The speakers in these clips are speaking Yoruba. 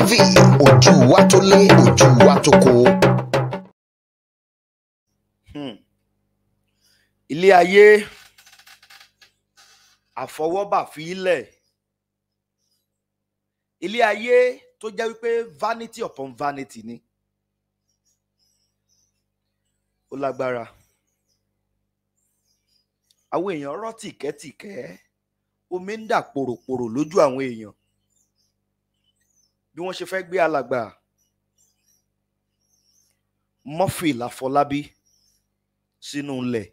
tv ojú wa tó lé ojú wa tó kó. Hmm. ilé ayé àfọwọ́bà fi ilẹ̀ ilé ayé tó jẹ́ wípé vanity upon vanity ni ó lágbára àwọn èèyàn rọ́ tìkẹ́tìkẹ́ omi ń dà pòròpòrò lójú àwọn èèyàn bí wọ́n ṣe fẹ́ gbé alàgbà Murphy Láfọlábí sínú ilẹ̀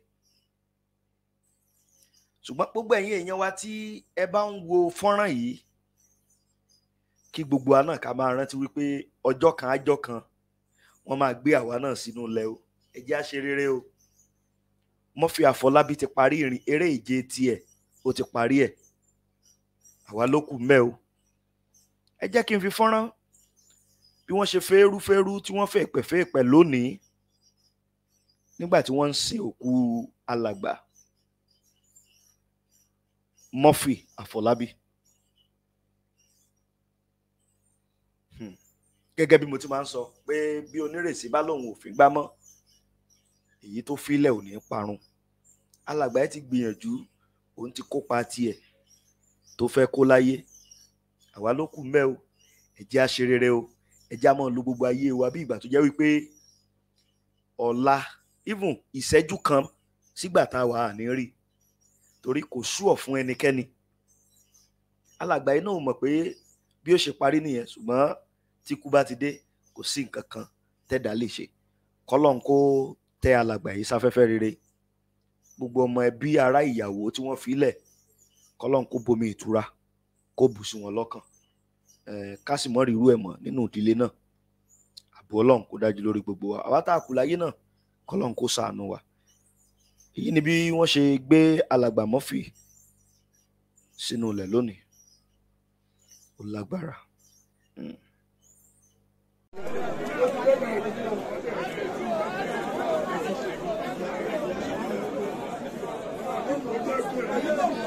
ṣùgbọ́n gbogbo ẹ̀yin èèyàn wa tí ẹ bá ń wo fọ́nrán yìí kí gbogbo wa náà ká máa rántí wípé ọjọ́ kan ájọ́ kan wọ́n máa gbé àwa náà sínú ilẹ̀ o ẹ jẹ́ á rere o Murphy Àfọlábí ti parí eré ìje tiẹ̀ ó ti parí ẹ̀ àwa ló kù mẹ́ o ẹ jẹ́ kí n fi fọ́nrán bí wọ́n ṣe fẹ́ẹ́rúfẹ́ẹ́rú tí wọ́n fẹ́ pẹ̀fẹ́ẹ̀pẹ̀ lónìí nígbà tí wọ́n ń sin òkú alàgbà Murphy Àfọlábí. Hmm. gẹ́gẹ́ bí mo ti máa ń sọ pé bí onírèsí bá lòun ò fi gbá mọ́ èyí tó filẹ̀ ò ní parun alàgbà ẹ ti gbìyànjú òun ti kópa tiẹ̀ tó fẹ́ kó láyé àwa ló kù mẹ́ o ẹ jẹ́ a ṣe rere o ẹ jẹ́ lo gbogbo ayé wa bí ìgbà tó jẹ́ wípé ọ̀la even ìṣẹ́jú kan sígbà tá a wà á ní rí torí kò súọ̀ fún ẹnikẹ́ni alàgbáyé náà mọ̀ pé bí ó ṣe parí nìyẹn ṣùgbọ́n tí kú bá ti dé kò sí nǹkan kan tẹ́dà lè ṣe kọ́lọ́n kó tẹ alàgbáyé sáfẹ́fẹ́ rere gbogbo ọmọ ẹbí ará ìyàwó tí wọ́n fi lẹ̀ kọ́lọ́n kó bomi ìtura kó bùsù wọn lọ́kàn eh, ká sì mọ́ rírú ẹ̀ mọ́ nínú ìdílé náà àbò ọlọ́run kó dájú lórí gbogbo wa àwa tá a kù láyé náà kọ́lọ́run kó ṣàánú wa èyí ni bí wọ́n ṣe gbé alàgbà Murphy sínú ilẹ̀ lónìí ó lágbára. Thank hmm. you.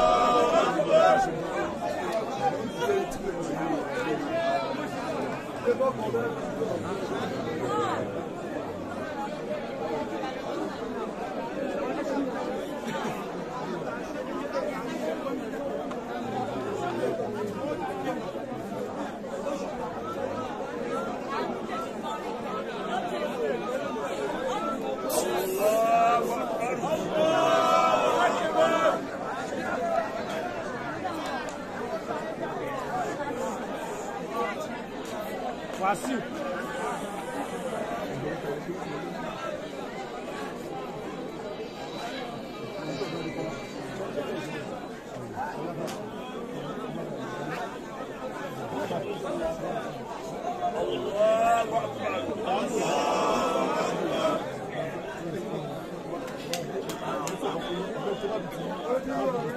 うわ Fácil.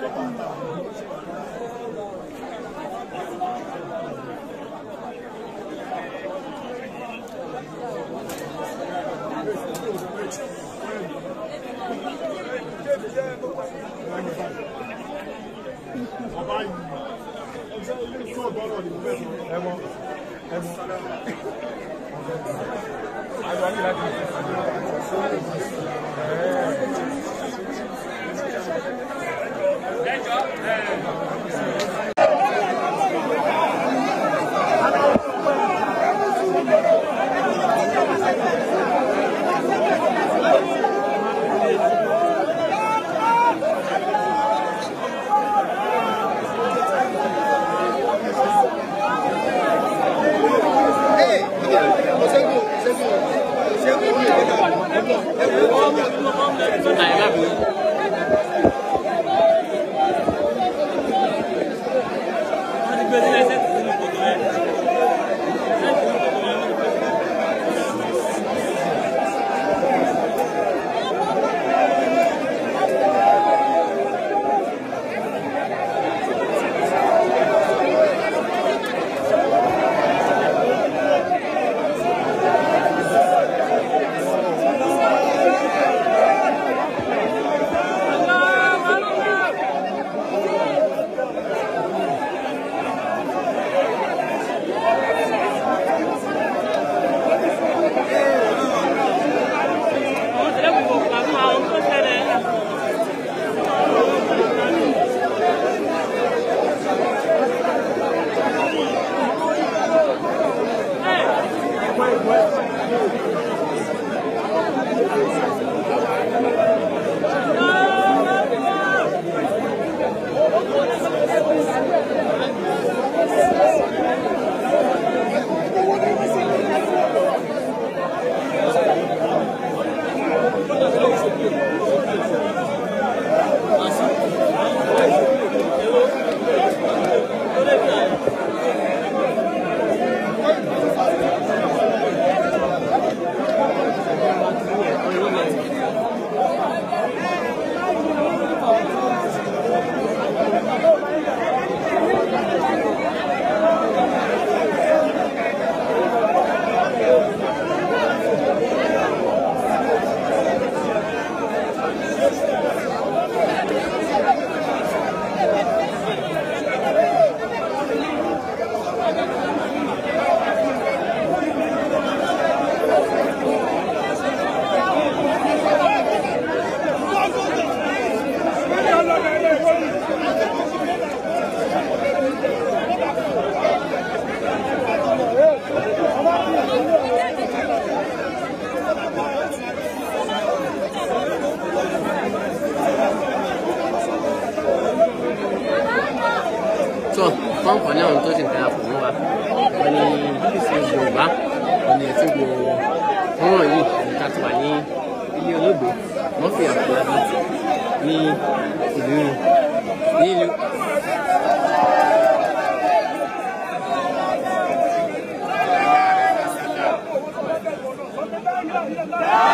Thank you. Bàbá yìí, ẹgbẹ́ ìṣú ọ̀gbọ́n náà ni mo fẹ́ sọ. Ẹ̀mọ́, ẹ̀mọ́. Àgbà yìí tó wọn kàn náà tó sì ń tẹ̀lé fún wa wọn ni BBC Yorùbá wọn ni ẹtí wo wọn yìí níta tó wà ní ilé olóògbé wọn fi àpòlá bí ní ìlú ní ìlú. Yeah!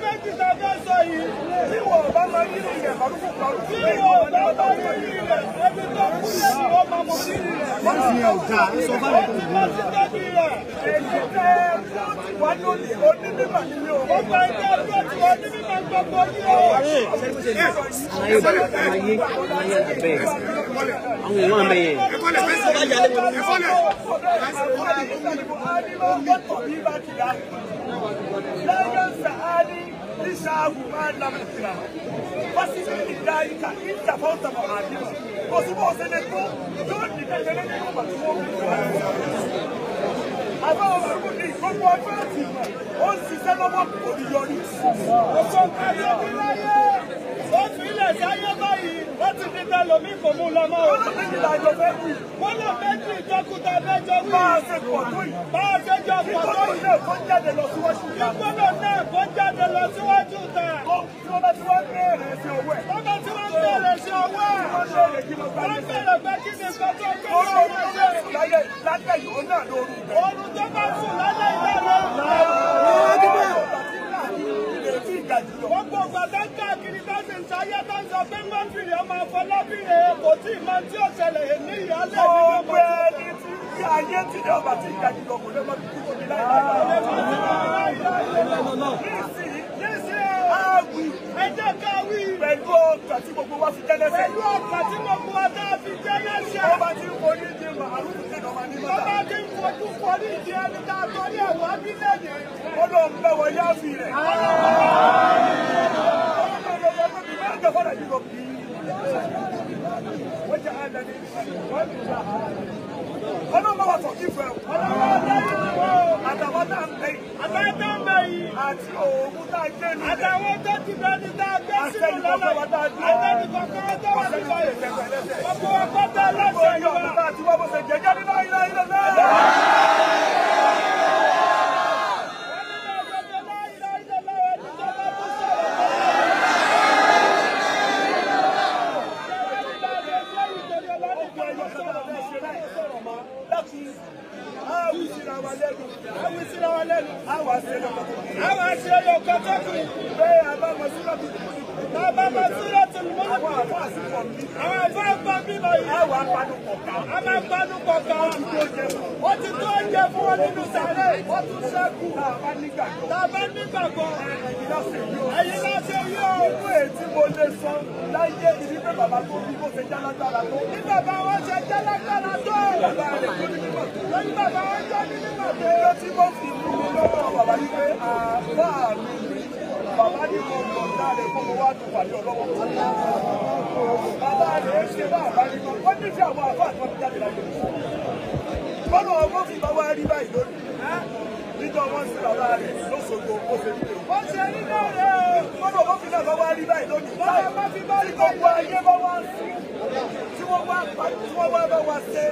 dọ́kúmẹ́ntì tá a fẹ́ sọ yìí tí wọ́n bá máa rí rí rẹ̀ lọ́dún fún lọ́dún. tí wọ́n bá máa rí rí rẹ̀ ẹbí tó kú lẹ́yìn ó máa mọ̀ sí rí rẹ̀. wọ́n ti yàn ọ̀gá sọ bá yẹn. ó ti bá sí tẹ́bí rẹ̀ èyí tẹ́ wá ní olè onímọ̀ nínú o. ó gba ẹgbẹ́ ọdún ọtí onímọ̀ gbogbo yìí o. àlàyé àlàyé àlàyé àbẹ̀ àwọn èèyàn àbẹ̀ yẹn. ẹ̀kọ́ lẹ̀ fẹ́ لا ينساني لشعب ما لم يكرم فسيب ذلك إن تفوت معادما وسبوس نكو دون نتجنن يوم Àbá ọ̀rọ̀ kò ní gbogbo ọjọ́ àti ìmọ̀, ó ń ṣiṣẹ́ lọ́wọ́ kò the yọrí. Òṣèlú ayé bí láyé, ó fi ilẹ̀ sáyé báyìí láti fi fẹ́ lomi kò mú o. ìlàjọ fẹ́ kù. wọ́n lọ fẹ́ kí ìjọkúta bẹ́jọ bá a ṣe pọ̀ tó yìí. bá a ṣe jọ pọ̀ tó yìí. ìgbọ́dọ̀ náà kó jáde lọ síwájú ta. ìgbọ́dọ̀ náà kó jáde lọ síwájú ta. tí wọ́n bẹ̀rẹ̀ sí ọwọ́ ẹ̀. wọ́n bá ti bẹ̀rẹ̀ sí ọwọ́ ẹ̀. wọ́n bẹ̀rẹ̀ kí ló dé. láyé láyé ó jà jùlọ. gbogbo gbàtẹ́ káàkiri táṣì ń sáyé tó ń sọ pé mọ́fìlì ọmọ afọlábìrì kò tí ì máa tí ò ṣẹlẹ̀ èmi bẹ̀wọ̀ yá fi rẹ̀. ọlọ́mọ wa tọ̀ kí fẹ́ o. ọlọ́mọ ọ̀dẹ́ yìí wò. àtàwọn tá à ń bẹ yìí. àtàwọn tá à ń bẹ yìí. àti òògùn tá a gbé nílẹ̀. àtàwọn tó ti bẹ ní tá a gbé sínú lọ́lọ́ yìí. àtẹnukọ̀ kọ́kọ́ tó wà nípa yìí. ọkọ̀ ọkọ̀ tó lọ́sẹ̀ yìí wá. gbogbo ọkọ̀ tó lọ́sẹ̀ yìí wá. tá a bá nígbàgbọ́ tá a bá nígbàgbọ́ ẹ̀yìn lọ́sẹ̀ yóò ẹ̀yìn lọ́sẹ̀ yóò nínú ètí mo lè sọ láyé ìdí pé bàbá tó bí kó ṣe jálágbára tó. ní bàbá wọn ṣe jálágbára tó. bàbá rẹ̀ kó ní nígbà tó. lẹ́yìn bàbá wọn jẹ́ ní nígbà tó. ló ti mọ́ fi fún mi lọ́wọ́ bàbá ní pé àbá mi bàbá ní kò lọ dáre kó mo wá tó pàdé ọlọ́wọ́. bàbá rẹ̀ ṣe bá àbá ní kan wọ́n nífẹ̀ẹ́ àwọn àbá àti wọn jáde láyé. bọ́lá ọgbọ́n fi bá wá rí báyìí lónìí níjọ́ wọ́n sí bàbá rẹ̀ lóṣogbo ó ṣe nílé. ó ṣe nílé rẹ̀ o. lọ́dọ̀ wọ́n fi náà bá wá rí báyìí lónìí. lọ́dọ̀ wọ́n fi bá rí gbogbo ayé bá wá sí. tí wọ́n wá tí wọ́n wá bá wá ṣe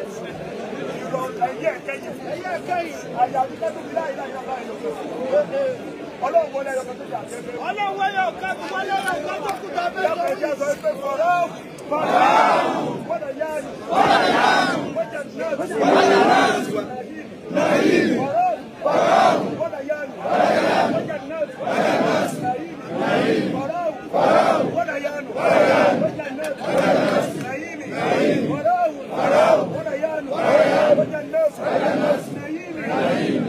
ìrọ̀ ẹ̀yẹ ẹ̀kẹyìn. ẹ̀yẹ ẹ̀kẹyìn. àyà mi kẹ́tù mi láì láì láì lọ́dọ̀. ọlọ́run wọlé ọkọ̀ tó jà fẹ́fẹ́. ọlọ́run wọlé ọkọ̀ tó wọlé ọkọ̀ tó kù jà fẹ́fẹ́. yàtọ̀ ìjà sọ pé fọ̀rọ̀ fọ̀rọ̀ fọ̀rọ̀ yánu. fọ̀rọ̀ فراغ ونيان ونيان وجنات وجنات نعيم فراغ فراغ ونيان ونيان وجنات وجنات نعيم نعيم فراغ فراغ ونيان ونيان وجنات وجنات نعيم نعيم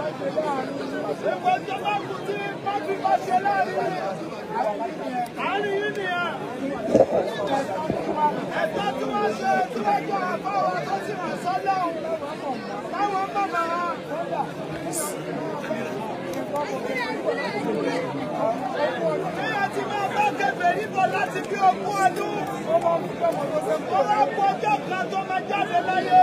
Èkó ìjọba kù tí pápí bá ṣe láàrin àárín yìí nìyẹn. Ẹ̀tọ́ tí wọ́n ṣe tí wọ́n jọ àbáwọ̀ tó ti hàn sọ́lá òun táwọn bàbá wa. Níyà tí máa bá kẹfẹ́ níbọ̀ láti bí ogún ọdún. Ó máa ń pọ̀ ọjọ́ kan tó máa jáde láyé.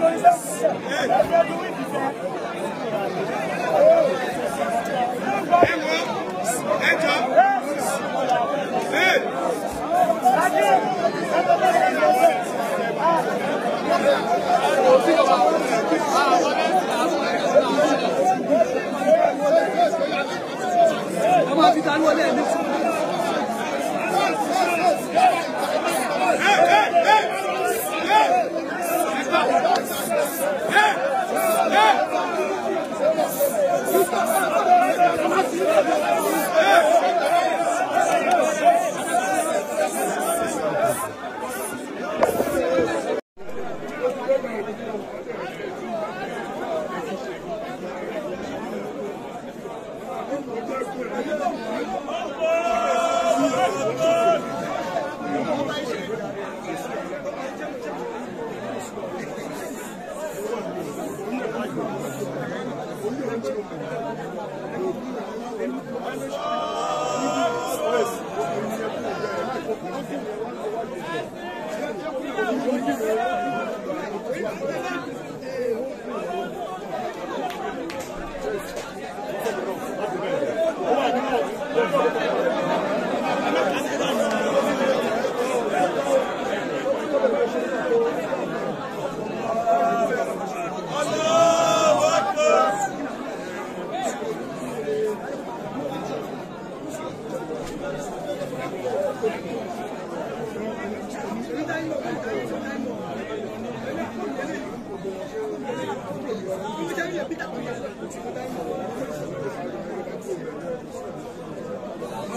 Hey, hey! Thank you.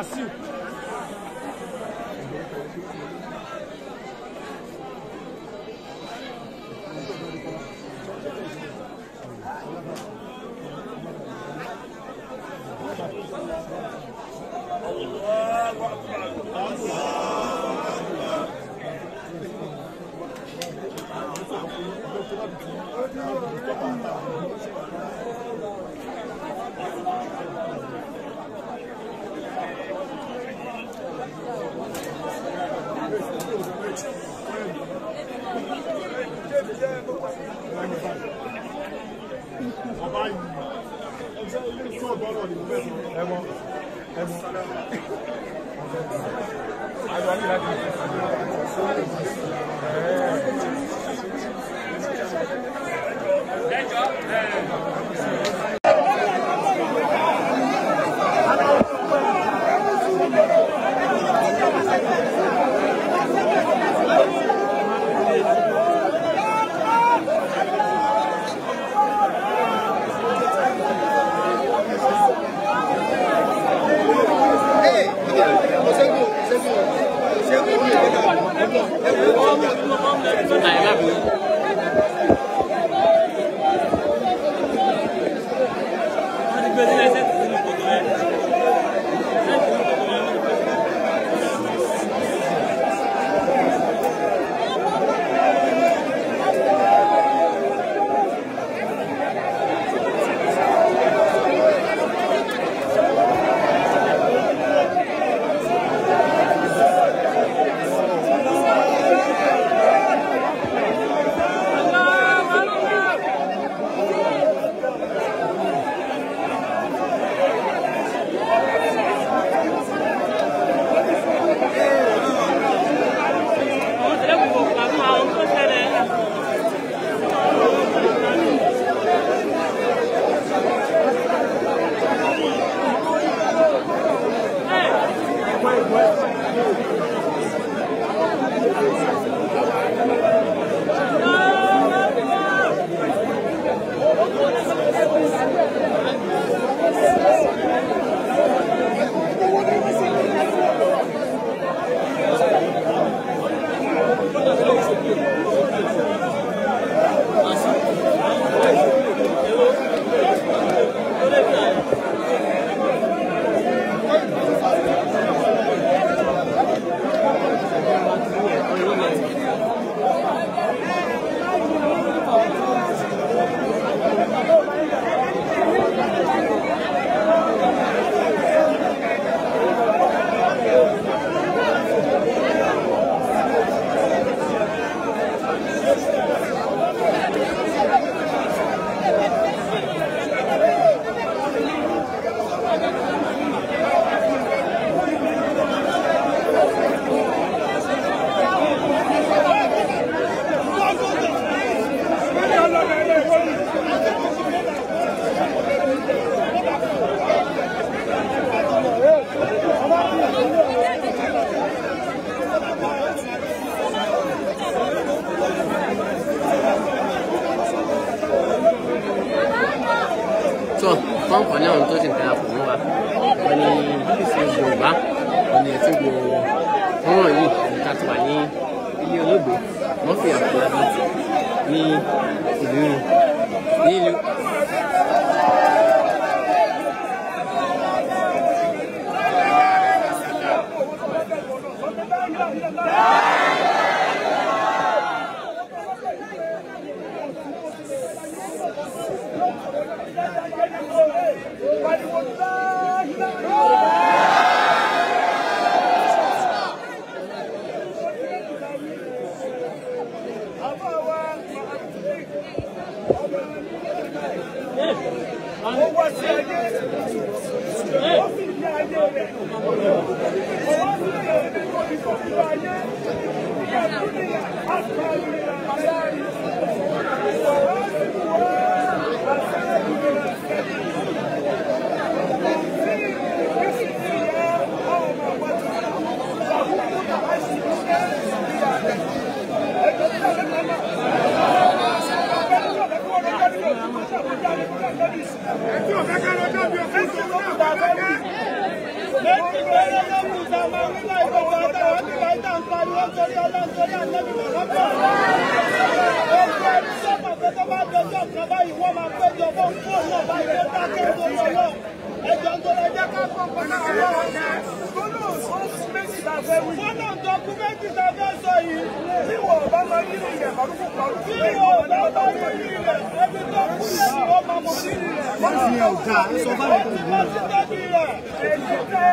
Merci. ẹ̀wọ̀n ẹ̀wọ̀n Kobo. Mon fier. Ni, ni, Ẹjọ́ ń tó lọ jẹ́ ká gbọ́ pẹ̀lú àwọn ọ̀rẹ́ fọ́nà dọ́kúmẹ́ntì tá a fẹ́ sọ yìí tí wọ́n bá máa ní ilẹ̀ pàrúkù pàrúkù. tí wọ́n bá máa ní ilẹ̀ ẹbí tó kú lẹ́yìn wọ́n máa mọ̀ sí ilẹ̀. wọ́n ti yẹ ọ̀gá sọ bá mi. wọ́n ti bá ti tẹ́bi rẹ̀. èyí tẹ́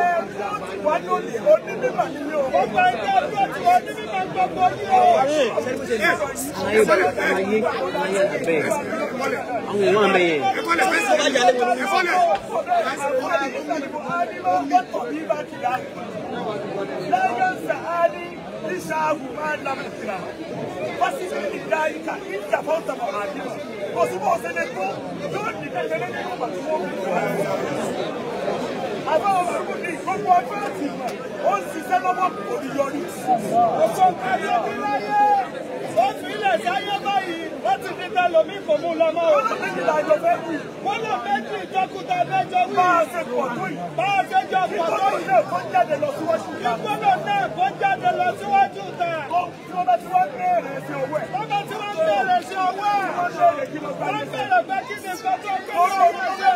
wọ́n ní olè onímọ̀ nínú o. ó gba ẹgbẹ́ ọdún ọtí onímọ̀ gbogbo ní o. àlàyé àlàyé àlàyé àbẹ̀ àwọn èèyàn àbẹ̀ yẹn. ẹ̀fọ́lẹ̀ ẹ̀fọ́lẹ̀ ẹ̀fọ́lẹ̀ لا علي لشعب ما لم يكرم فسيبك ذلك إن كفرت معادما وسبع سنكو دون نتجنن يوم Àwọn ọmọ ẹgbẹ́ ní gbogbo ọjọ́ àti ìmọ̀, ó ń ṣiṣẹ́ lọ́wọ́ kò ní yọrí. Ọ̀sán kárí omi láyé, ó fi ilẹ̀ sáyé báyìí, ó ti fi ta lòmí kò mú lọ́mọ́. Wọ́n lọ méjì lájọ fẹ́ jù. Wọ́n lọ méjì ìjọkúta mẹ́jọ wí. Bá a ṣe pọ̀ tó yìí. Bá a ẹjọ́ pọ̀tọ́ ilé kó jáde lọ síwájú ìgbọ́dọ̀ náà kó jáde lọ síwájú ìta. tí bá ti wá béèrè sí ọwọ́ ẹ̀. wọ́n bá ti wá béèrè sí ọwọ́ ẹ̀. wọ́n béèrè kí ló bá yẹn. wọ́n béèrè pé kí ni nǹkan tó gbé sí ọwọ́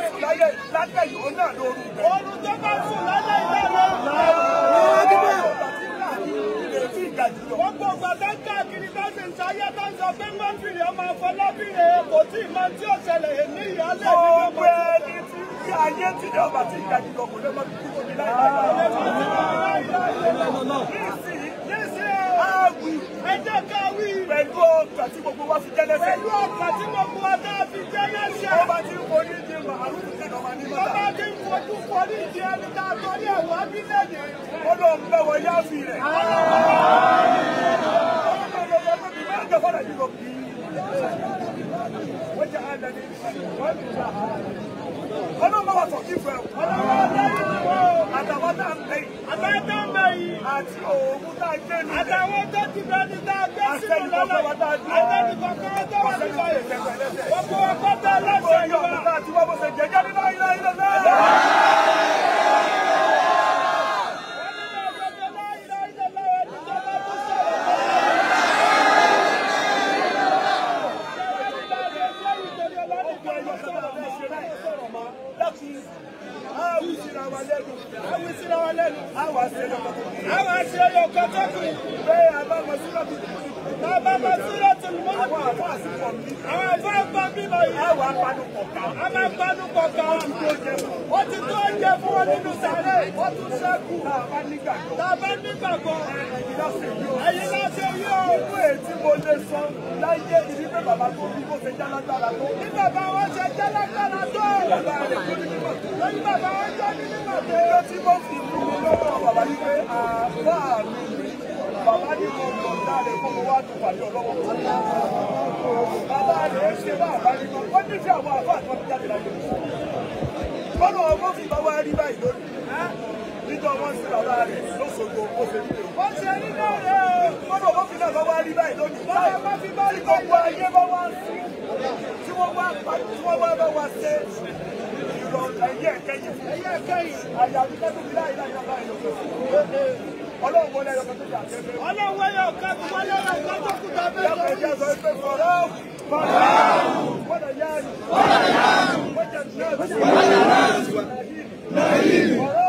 ẹ̀. láyé láyé yìí ó náà lóru. oorun tó bá sùn lálẹ́ ìlànà. gbogbo gbàgbé ti ń sáyé ti ìdájú lọ kò lè mọ Pẹ̀lú ọkà tí gbogbo wa fi jẹ́lẹ́sẹ̀. Pẹ̀lú ọkà tí gbogbo wa dá fi jẹ́lẹ́sẹ̀. Ọba tí ń forí di màálù tí ọba ní bàtà. Ọba tí ń fojú forí di ẹni tá a tọ́ ní ẹ̀wọ̀n abílẹ̀ yẹn. Ó lọ ń bẹ̀wọ̀ yá fi rẹ̀. وجعلني من ọlọ́mọ wa tọ̀ kífẹ́ o. ọlọ́mọ ọ̀dọ́ yìí wò. àtàwọn tá ń bẹ̀yìn. àtàwọn tá ń bẹ̀yìn. àti òògùn tá a gbé ní. àtàwọn tó ti bẹ́ẹ̀ ni tá a gbé sínú lọ́lọ́ yìí. àtẹnukọ̀ kọ́kọ́ tó wà nípa yìí. gbogbo ọkọ̀ bẹ́ẹ̀ lọ́sẹ̀ yìí wá. gbogbo ẹ̀yin láti rí ọ̀rùn ètí mo lè sọ láyé ìdí pé bàbá tó bí kò ṣe jálágbára tó. bí bàbá wọn ṣe jálágbára tó. bàbá rẹ̀ tó ní mímọ̀ tó. bàbá wọn jẹ́ ní mímọ̀ tó. ló ti mọ̀ fi mú mi lọ́wọ́ bàbá ní pé àbá mi rí. bàbá ní mo lọ láre kó mo wá tó ọlọ́wọ́. bàbá rẹ̀ ṣe bá àbá ní kan. wọ́n nífẹ̀ẹ́ àwọn àbá àtọ́jú jáde láyé. bọ́lá ọmọ fi bá rí báyìí lónìí níjọ́ wọ́n sí bàbá rẹ̀ lóṣogbo ó ṣe nílò. ó ṣe nílò rẹ̀ o. gbọ́dọ̀ bó fi náà bá wá rí báyìí lónìí. báyọ̀ bá fi bá rí gbogbo ayé bá wá sí. tí wọ́n wá tí wọ́n wá bá wá ṣe ìrọ̀ ẹ̀yẹ ẹ̀kẹyìn. ẹ̀yẹ ẹ̀kẹyìn. àyà mi kẹ́tù mi láì láì láì ọlọ́run wọlé ọkọ̀ tó jà tẹ́lẹ̀. ọlọ́run wọlé ọkọ̀ tó wọlé ọkọ̀ tó kù tó bẹ́ẹ̀ lọ. ìyá ọ̀sẹ̀ ìfẹ́ fọ̀rọ̀ fọ̀rọ̀ wọ́dà yáàlú wọ́dà yáàlú wọ́dà yáàlú wọ́dà yáàlú.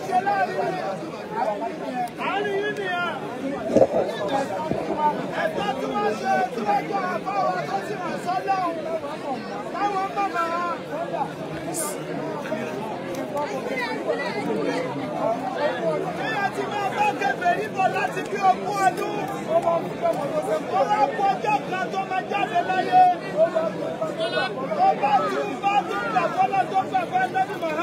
àárín yìí nìyẹn ẹgbẹ́ tí wọ́n ṣe tí wọ́n jọ àbáwọ̀ tó sì wà sọ́lá táwọn bàbá ti máa bá kẹfẹ́ níbọ̀ láti bí ogún ọdún. Ó bá kú ọjọ́ kan tó máa jáde láyé. Ó bá tún bá tún dàgbọ́lá tó fẹ́ fẹ́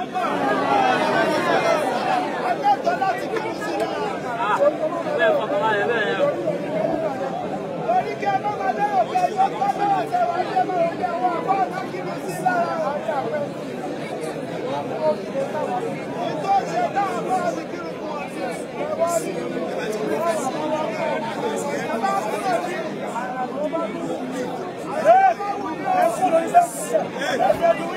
Hey!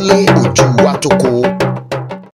múlẹ̀ ojú wa